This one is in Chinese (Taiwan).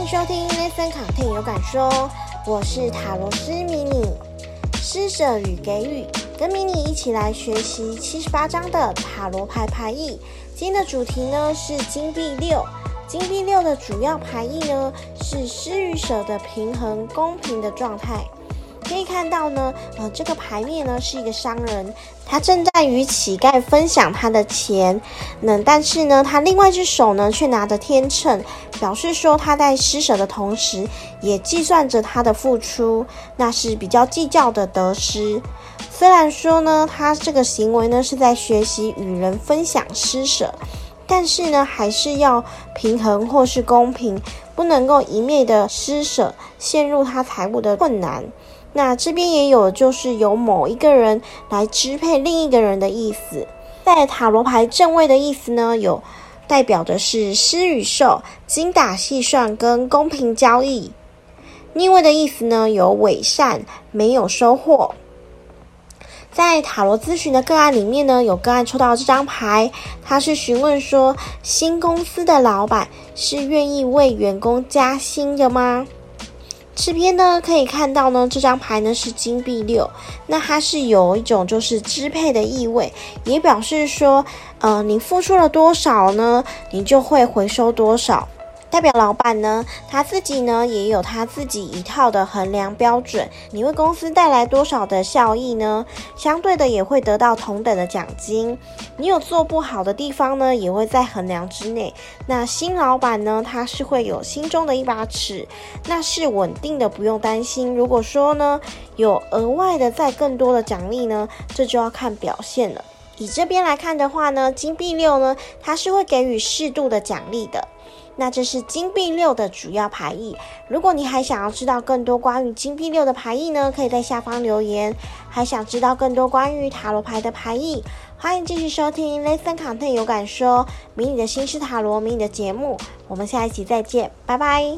歡迎收聽 ListenContent 有感說，我是塔羅師迷你。施捨與給予，跟迷你一起來學習七十八張的塔羅牌牌意。今天的主題呢是金幣六，金幣六的主要牌意呢是施與舍的平衡，公平的狀態。可以看到呢，呃，這個牌面呢是一個商人，他正在與乞丐分享他的錢。那但是呢，他另外一隻手呢卻拿着天秤，表示說他在施捨的同時，也計算着他的付出，那是比較計較的得失。雖然說呢，他這個行為呢是在學習與人分享施捨，但是呢還是要平衡或是公平，不能夠一味的施捨陷入他財務的困難。那這邊也有，就是由某一個人來支配另一個人的意思。在塔羅牌正位的意思呢，有代表的是施與受、精打細算跟公平交易。逆位的意思呢，有偽善、沒有收穫。在塔羅諮詢的個案裡面呢，有個案抽到這張牌，他是詢問說，新公司的老板是願意為員工加薪的嗎？這邊呢，可以看到呢，這張牌呢是金幣六，那它是有一種就是支配的意味，也表示說，呃，你付出了多少呢，你就會回收多少。代表老闆呢，他自己呢也有他自己一套的衡量標準。你為公司帶來多少的效益呢？相對的也會得到同等的獎金。你有做不好的地方呢，也會在衡量之內。那新老闆呢，他是會有心中的一把尺，那是穩定的，不用擔心。如果說呢有額外的再更多的獎勵呢，這就要看表現了。以這邊來看的話呢，金幣六呢，它是會給予適度的獎勵的。那這是金幣六的主要牌意。如果你還想要知道更多關於金幣六的牌意呢，可以在下方留言。還想知道更多關於塔羅牌的牌意，歡迎繼續收聽 Listen Content 有感說迷你的心事塔羅迷你的節目。我們下一期再見，拜拜。